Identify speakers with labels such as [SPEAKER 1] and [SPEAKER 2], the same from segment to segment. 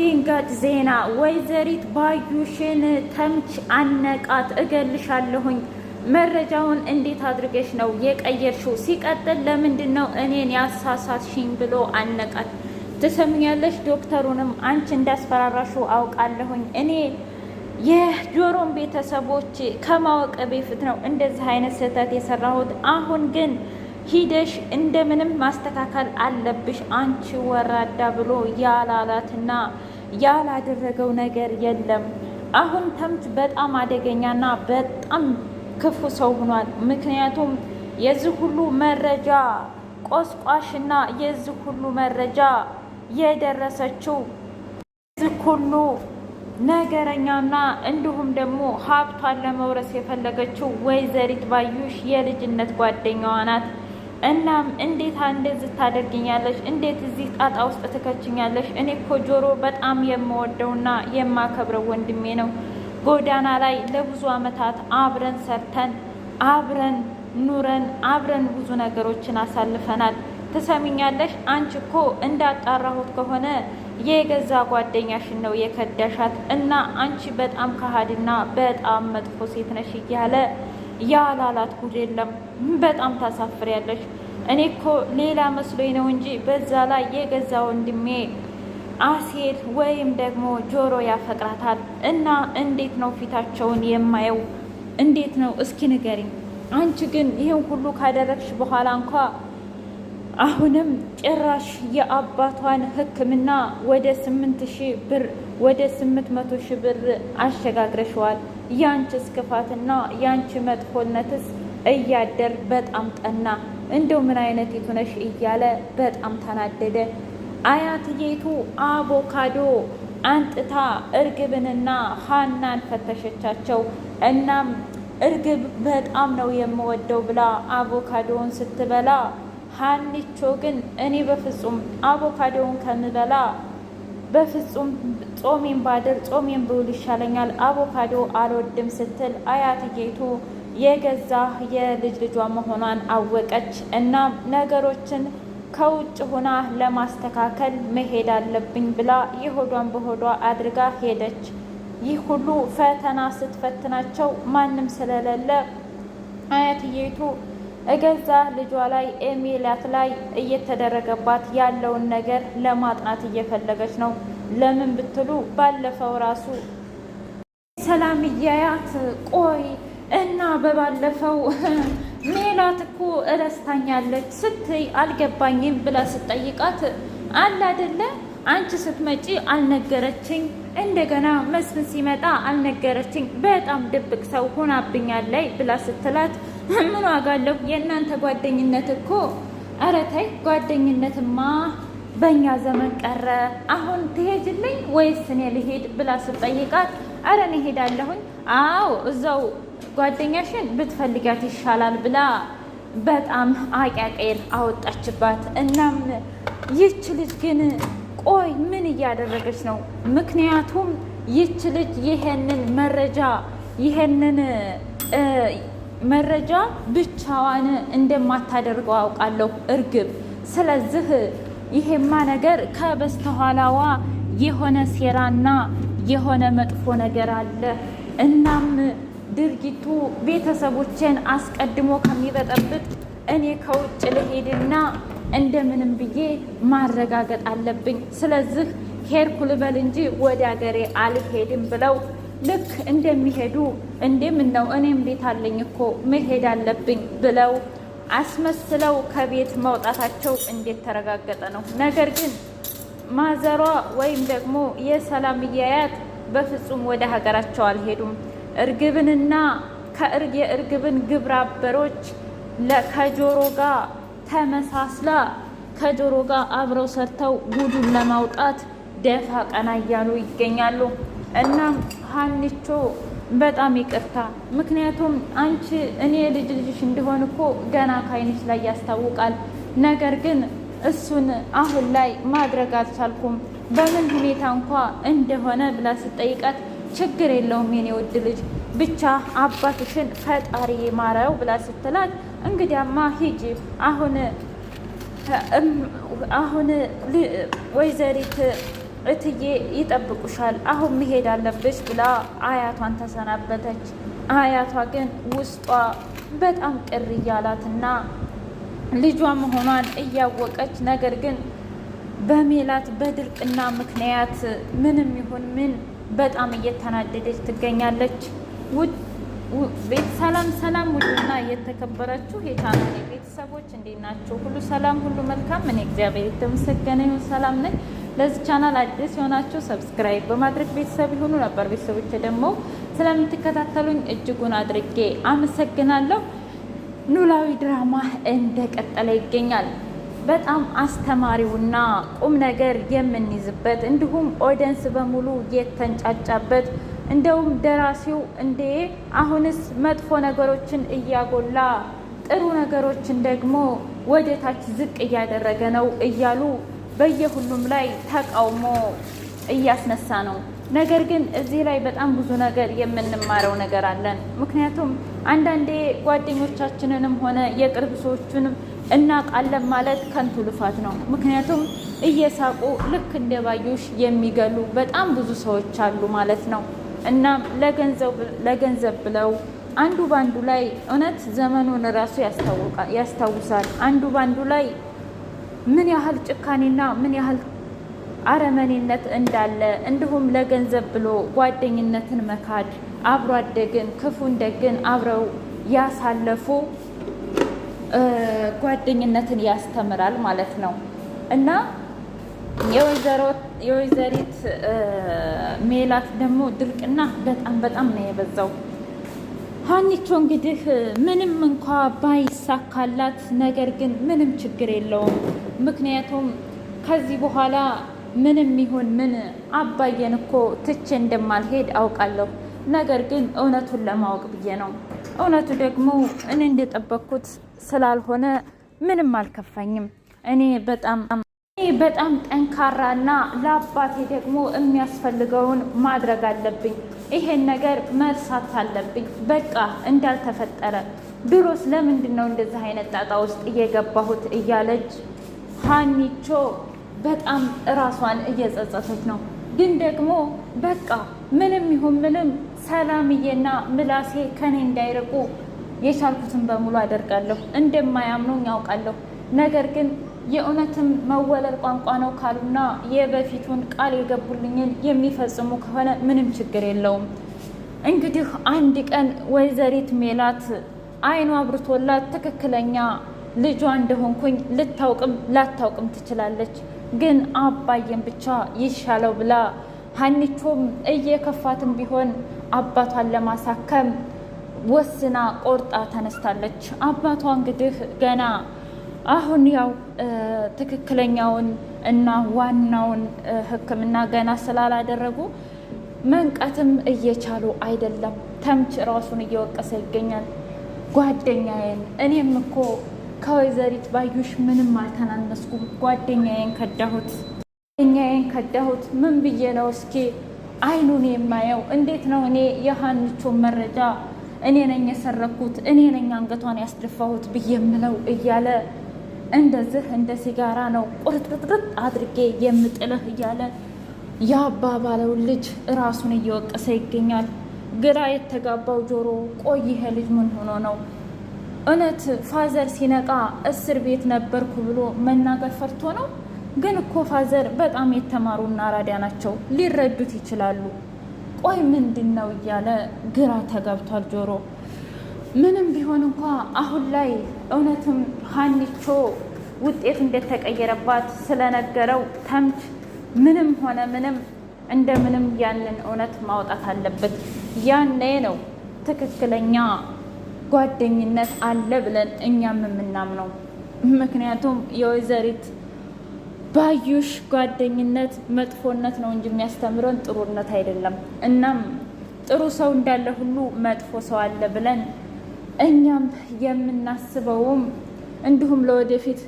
[SPEAKER 1] ድንገት ዜና ወይዘሪት ባዩሽን ተምች አነቃት። እገልሻለሁኝ። መረጃውን እንዴት አድርገሽ ነው የቀየርሽው? ሲቀጥል ለምንድን ነው እኔን ያሳሳትሽኝ ብሎ አነቃት። ትሰምኛለሽ? ዶክተሩንም አንቺ እንዳስፈራራሹ አውቃለሁኝ። እኔ የጆሮን ቤተሰቦች ከማወቅ በፊት ነው እንደዚህ አይነት ስህተት የሰራሁት። አሁን ግን ሂደሽ እንደምንም ማስተካከል አለብሽ አንቺ ወራዳ ብሎ ያላላትና ያላደረገው ነገር የለም። አሁን ተምት በጣም አደገኛና በጣም ክፉ ሰው ሆኗል። ምክንያቱም የዚህ ሁሉ መረጃ ቆስቋሽና የዚህ ሁሉ መረጃ የደረሰችው የዚህ ሁሉ ነገረኛና እንዲሁም ደግሞ ሀብቷን ለመውረስ የፈለገችው ወይዘሪት ባዩሽ የልጅነት ጓደኛዋ ናት። እናም እንዴት እንደዚህ ታደርግኛለሽ? እንዴት እዚህ ጣጣ ውስጥ ትከችኛለሽ? እኔ እኮ ጆሮ በጣም የምወደውና የማከብረው ወንድሜ ነው። ጎዳና ላይ ለብዙ ዓመታት አብረን ሰርተን አብረን ኑረን አብረን ብዙ ነገሮችን አሳልፈናል። ትሰሚኛለሽ? አንቺ እኮ እንዳጣራሁት ከሆነ የገዛ ጓደኛሽን ነው የከዳሻት እና አንቺ በጣም ከሃዲና በጣም መጥፎ ሴት ነሽ እያለ ያላላት ጉድ የለም። በጣም ታሳፍሪያለሽ። እኔ እኮ ሌላ መስሎኝ ነው እንጂ በዛ ላይ የገዛ ወንድሜ አሴር ወይም ደግሞ ጆሮ ያፈቅራታል። እና እንዴት ነው ፊታቸውን የማየው? እንዴት ነው እስኪ ንገሪኝ። አንቺ ግን ይህን ሁሉ ካደረግሽ በኋላ እንኳ አሁንም ጭራሽ የአባቷን ሕክምና ወደ ስምንት ሺህ ብር ወደ ስምንት መቶ ሺህ ብር አሸጋግረሸዋል። ያንቺስ ክፋትና ያንቺ መጥፎነትስ እያደር በጣም ጠና። እንደው ምን አይነት የቱነሽ እያለ በጣም ተናደደ። አያትዬቱ አቮካዶ አንጥታ እርግብንና ሀናን ፈተሸቻቸው። እናም እርግብ በጣም ነው የምወደው ብላ አቮካዶውን ስትበላ፣ ሀኒቾ ግን እኔ በፍጹም አቮካዶውን ከምበላ በፍጹም ጾሜን ባድር ጾሜን ብውል ይሻለኛል፣ አቮካዶ አልወድም ስትል አያትዬቱ የገዛ የልጅ ልጇ መሆኗን አወቀች እና ነገሮችን ከውጭ ሆና ለማስተካከል መሄድ አለብኝ ብላ የሆዷን በሆዷ አድርጋ ሄደች። ይህ ሁሉ ፈተና ስትፈትናቸው ማንም ስለሌለ አያትዬቱ እገዛ ልጇ ላይ ኤሚላት ላይ እየተደረገባት ያለውን ነገር ለማጥናት እየፈለገች ነው። ለምን ብትሉ ባለፈው ራሱ ሰላም እያያት ቆይ በባለፈው ሜላት እኮ እረስታኛለች ስትይ አልገባኝም ብላ ስጠይቃት አለ አይደለ አንቺ ስትመጪ አልነገረችኝ፣ እንደገና መስፍን ሲመጣ አልነገረችኝ፣ በጣም ድብቅ ሰው ሆናብኛለይ ብላ ስትላት ምን ዋጋ አለው የእናንተ ጓደኝነት እኮ ኧረ ተይ ጓደኝነትማ በእኛ ዘመን ቀረ። አሁን ትሄጅልኝ ወይስ እኔ ልሄድ ብላ ስጠይቃት አረን እሄዳለሁኝ። አዎ እዛው ጓደኛሽን ብትፈልጋት ይሻላል ብላ በጣም አቂያቄን አወጣችባት። እናም ይች ልጅ ግን ቆይ ምን እያደረገች ነው? ምክንያቱም ይች ልጅ ይሄንን መረጃ ይሄንን መረጃ ብቻዋን እንደማታደርገው አውቃለሁ እርግብ። ስለዚህ ይሄማ ነገር ከበስተኋላዋ የሆነ ሴራና የሆነ መጥፎ ነገር አለ እናም ድርጊቱ ቤተሰቦቼን አስቀድሞ ከሚበጠብጥ እኔ ከውጭ ልሄድና እንደምንም ብዬ ማረጋገጥ አለብኝ። ስለዚህ ሄድኩ ልበል እንጂ ወደ ሀገሬ አልሄድም ብለው ልክ እንደሚሄዱ እንዴ ነው እኔም ቤት አለኝ እኮ መሄድ አለብኝ ብለው አስመስለው ከቤት መውጣታቸው እንዴት ተረጋገጠ ነው። ነገር ግን ማዘሯ ወይም ደግሞ የሰላም እያያት በፍጹም ወደ ሀገራቸው አልሄዱም። እርግብንና የእርግብን ግብረ አበሮች ከጆሮ ጋር ተመሳስላ ከጆሮ ጋር አብረው ሰርተው ጉዱን ለማውጣት ደፋ ቀና እያሉ ይገኛሉ። እናም ሀኒቾ በጣም ይቅርታ፣ ምክንያቱም አንቺ እኔ ልጅ ልጅሽ እንደሆን እኮ ገና ከአይንሽ ላይ ያስታውቃል። ነገር ግን እሱን አሁን ላይ ማድረግ አልቻልኩም፣ በምን ሁኔታ እንኳ እንደሆነ ብላ ስጠይቃት ችግር የለውም የኔ ውድ ልጅ ብቻ አባትሽን ፈጣሪ ማረው ብላ ስትላት፣ እንግዲያማ ሂጂ አሁን አሁን ወይዘሪት እትዬ ይጠብቁሻል፣ አሁን መሄድ አለብሽ ብላ አያቷን ተሰናበተች። አያቷ ግን ውስጧ በጣም ቅር እያላትና ልጇ መሆኗን እያወቀች ነገር ግን በሜላት በድርቅና ምክንያት ምንም ይሁን ምን በጣም እየተናደደች ትገኛለች። ውድ ሰላም ሰላም፣ ውድና እየተከበራችሁ ቤተሰቦች እንዴት ናቸው? ሁሉ ሰላም፣ ሁሉ መልካም። እኔ እግዚአብሔር የተመሰገነ ይሁን ሰላም ነኝ። ለዚህ ቻናል አዲስ የሆናችሁ ሰብስክራይብ በማድረግ ቤተሰብ የሆኑ ነበር። ቤተሰቦች ደግሞ ስለምትከታተሉኝ እጅጉን አድርጌ አመሰግናለሁ። ኖላዊ ድራማ እንደቀጠለ ይገኛል። በጣም አስተማሪውና ቁም ነገር የምንይዝበት እንዲሁም ኦዲየንስ በሙሉ የተንጫጫበት እንደውም ደራሲው እንዴ አሁንስ መጥፎ ነገሮችን እያጎላ ጥሩ ነገሮችን ደግሞ ወደ ታች ዝቅ እያደረገ ነው እያሉ በየሁሉም ላይ ተቃውሞ እያስነሳ ነው። ነገር ግን እዚህ ላይ በጣም ብዙ ነገር የምንማረው ነገር አለን። ምክንያቱም አንዳንዴ ጓደኞቻችንንም ሆነ የቅርብ ሰዎችንም እናውቃለን ማለት ከንቱ ልፋት ነው። ምክንያቱም እየሳቁ ልክ እንደ ባዩሽ የሚገሉ በጣም ብዙ ሰዎች አሉ ማለት ነው። እናም ለገንዘብ ብለው አንዱ ባንዱ ላይ እውነት ዘመኑን ራሱ ያስታውሳል። አንዱ ባንዱ ላይ ምን ያህል ጭካኔና ምን ያህል አረመኔነት እንዳለ እንዲሁም ለገንዘብ ብሎ ጓደኝነትን መካድ አብሮ አደግን ክፉ እንደግን አብረው ያሳለፉ ጓደኝነትን ያስተምራል ማለት ነው እና የወይዘሪት ሜላት ደግሞ ድርቅና በጣም በጣም ነው የበዛው። ሀኒቾ እንግዲህ ምንም እንኳ ባይሳካላት ነገር ግን ምንም ችግር የለውም። ምክንያቱም ከዚህ በኋላ ምንም ይሁን ምን አባየን እኮ ትቼ እንደማልሄድ አውቃለሁ። ነገር ግን እውነቱን ለማወቅ ብዬ ነው። እውነቱ ደግሞ እኔ እንደጠበቅኩት ስላልሆነ ምንም አልከፋኝም። እኔ በጣም በጣም ጠንካራና ለአባቴ ደግሞ የሚያስፈልገውን ማድረግ አለብኝ። ይሄን ነገር መርሳት አለብኝ፣ በቃ እንዳልተፈጠረ። ድሮስ ለምንድን ነው እንደዚህ አይነት ጣጣ ውስጥ እየገባሁት? እያለች ሀኒቾ በጣም እራሷን እየጸጸተች ነው። ግን ደግሞ በቃ ምንም ይሁን ምንም ሰላምዬና ምላሴ ከኔ እንዳይርቁ የቻልኩትን በሙሉ አደርጋለሁ። እንደማያምኑኝ ያውቃለሁ። ነገር ግን የእውነትም መወለድ ቋንቋ ነው ካሉና የበፊቱን ቃል የገቡልኝን የሚፈጽሙ ከሆነ ምንም ችግር የለውም። እንግዲህ አንድ ቀን ወይዘሪት ሜላት አይኗ አብርቶላት ትክክለኛ ልጇ እንደሆንኩኝ ልታውቅም ላታውቅም ትችላለች። ግን አባዬን ብቻ ይሻለው ብላ ሀኒቾም እየከፋትም ቢሆን አባቷን ለማሳከም ወስና ቆርጣ ተነስታለች። አባቷ እንግዲህ ገና አሁን ያው ትክክለኛውን እና ዋናውን ሕክምና ገና ስላላደረጉ መንቀትም እየቻሉ አይደለም። ተምች ራሱን እየወቀሰ ይገኛል። ጓደኛዬን እኔም እኮ ከወይዘሪት ባዩሽ ምንም አልተናነስኩም። ጓደኛዬን ከዳሁት ጓደኛዬን ከዳሁት ምን ብዬ ነው እስኪ አይኑን የማየው? እንዴት ነው እኔ የሀንቾን መረጃ እኔ ነኝ የሰረኩት፣ እኔ ነኝ አንገቷን ያስደፋሁት ብዬ የምለው እያለ እንደዚህ እንደ ሲጋራ ነው ቁርጥርጥርጥ አድርጌ የምጥልህ እያለ ያባባለው ልጅ ራሱን እየወቀሰ ይገኛል። ግራ የተጋባው ጆሮ ቆይ ይሄ ልጅ ምን ሆኖ ነው? እውነት ፋዘር ሲነቃ እስር ቤት ነበርኩ ብሎ መናገር ፈርቶ ነው? ግን እኮ ፋዘር በጣም የተማሩና ራዲያ ናቸው፣ ሊረዱት ይችላሉ። ቆይ ምንድን ነው እያለ ግራ ተገብቷል ጆሮ። ምንም ቢሆን እንኳ አሁን ላይ እውነትም ሀኒቾ ውጤት እንደተቀየረባት ስለነገረው ተምች ምንም ሆነ ምንም እንደምንም ያንን እውነት ማውጣት አለበት። ያኔ ነው ትክክለኛ ጓደኝነት አለ ብለን እኛም የምናምነው። ምክንያቱም የወይዘሪት ባዩሽ ጓደኝነት መጥፎነት ነው እንጂ የሚያስተምረን ጥሩነት አይደለም። እናም ጥሩ ሰው እንዳለ ሁሉ መጥፎ ሰው አለ ብለን እኛም የምናስበውም እንዲሁም ለወደፊት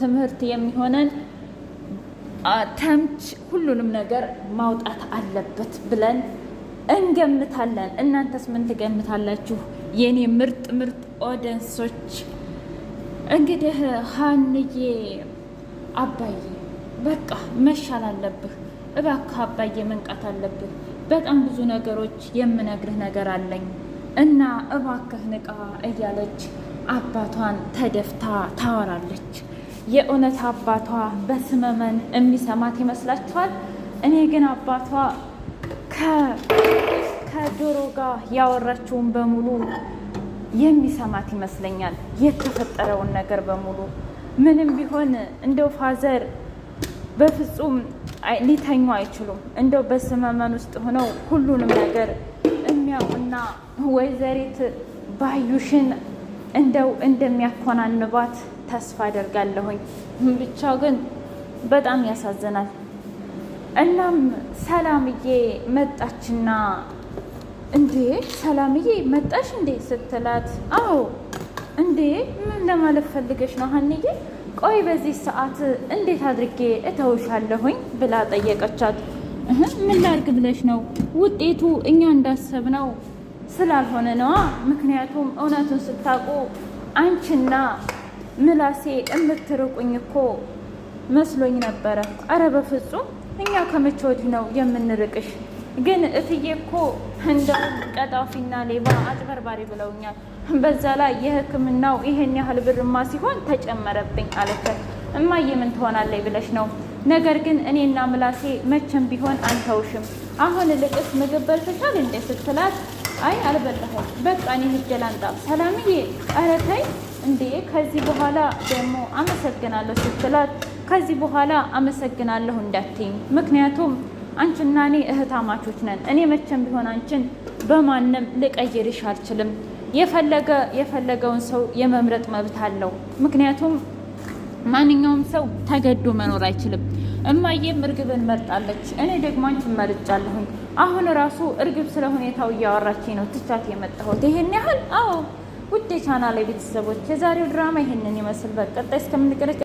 [SPEAKER 1] ትምህርት የሚሆነን ተምች ሁሉንም ነገር ማውጣት አለበት ብለን እንገምታለን። እናንተስ ምን ትገምታላችሁ? የኔ ምርጥ ምርጥ ኦደንሶች እንግዲህ ሀንዬ አባዬ በቃ መሻል አለብህ። እባክህ አባዬ መንቃት አለብህ። በጣም ብዙ ነገሮች የምነግርህ ነገር አለኝ እና እባክህ ንቃ እያለች አባቷን ተደፍታ ታወራለች። የእውነት አባቷ በስመመን የሚሰማት ይመስላችኋል? እኔ ግን አባቷ ከዶሮ ጋር ያወራችውን በሙሉ የሚሰማት ይመስለኛል። የተፈጠረውን ነገር በሙሉ ምንም ቢሆን እንደው ፋዘር በፍጹም ሊተኙ አይችሉም። እንደው በስመመን ውስጥ ሆነው ሁሉንም ነገር የሚያውቁና ወይዘሪት ባዩሽን እንደው እንደሚያኮናንባት ተስፋ አደርጋለሁኝ። ብቻ ግን በጣም ያሳዝናል። እናም ሰላምዬ መጣችና እንዴ ሰላምዬ መጣሽ እንዴ ስትላት፣ አዎ እንዴ ምን ለማለት ፈልገሽ ነው ሀንዬ ቆይ በዚህ ሰዓት እንዴት አድርጌ እተውሻለሁኝ ብላ ጠየቀቻት። ምን ላድርግ ብለሽ ነው? ውጤቱ እኛ እንዳሰብነው ስላልሆነ ነዋ። ምክንያቱም እውነቱን ስታውቁ አንቺና ምላሴ የምትርቁኝ እኮ መስሎኝ ነበረ። አረ በፍጹም እኛ ከመቼ ወዲህ ነው የምንርቅሽ? ግን እትዬ እኮ እንደ ቀጣፊና ሌባ አጭበርባሪ ብለውኛል። በዛ ላይ የህክምናው ይሄን ያህል ብርማ ሲሆን ተጨመረብኝ አለቻት። እማዬ ምን ትሆናለች ብለሽ ነው? ነገር ግን እኔና ምላሴ መቼም ቢሆን አንተውሽም። አሁን ልቅስ ምግብ በልተሻል እንደ ስትላት አይ አልበላሁም፣ በቃ እኔ ሂጅ ላምጣ። ሰላምዬ ኧረ ተይ እንዴ ከዚህ በኋላ ደግሞ አመሰግናለሁ ስትላት ከዚህ በኋላ አመሰግናለሁ እንዳትይኝ፣ ምክንያቱም አንቺና እኔ እህታማቾች ነን። እኔ መቼም ቢሆን አንቺን በማንም ልቀይርሽ አልችልም። የፈለገ የፈለገውን ሰው የመምረጥ መብት አለው። ምክንያቱም ማንኛውም ሰው ተገዶ መኖር አይችልም። እማዬም እርግብን መርጣለች፣ እኔ ደግሞ አንቺን መርጫለሁኝ። አሁን ራሱ እርግብ ስለ ሁኔታው እያወራች ነው ትቻት የመጣሁት ይህን ያህል። አዎ ውዴ ላይ ቤተሰቦች የዛሬው ድራማ ይህንን ይመስል በቀጣይ እስከምንገናኝ